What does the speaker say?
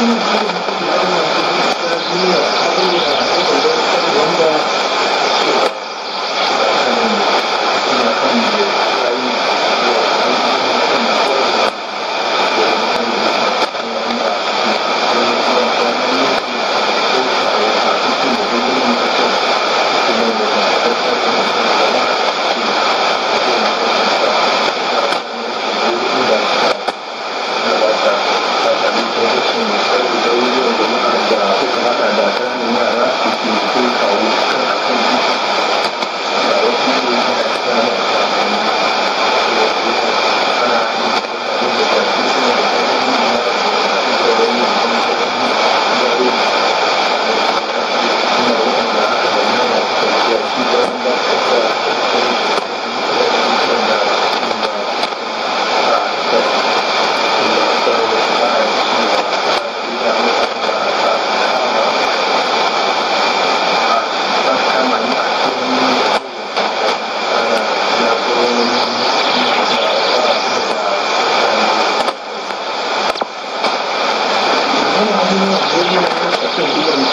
Thank you. الله عليه وسلم